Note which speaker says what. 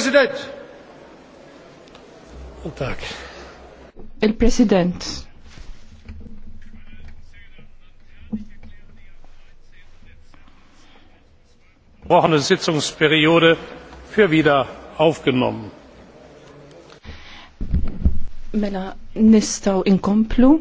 Speaker 1: President. Tak.
Speaker 2: Il-President.
Speaker 3: Wochene Sitzungsperiode für wieder aufgenommen.
Speaker 4: Mela, nistaw inkomplu.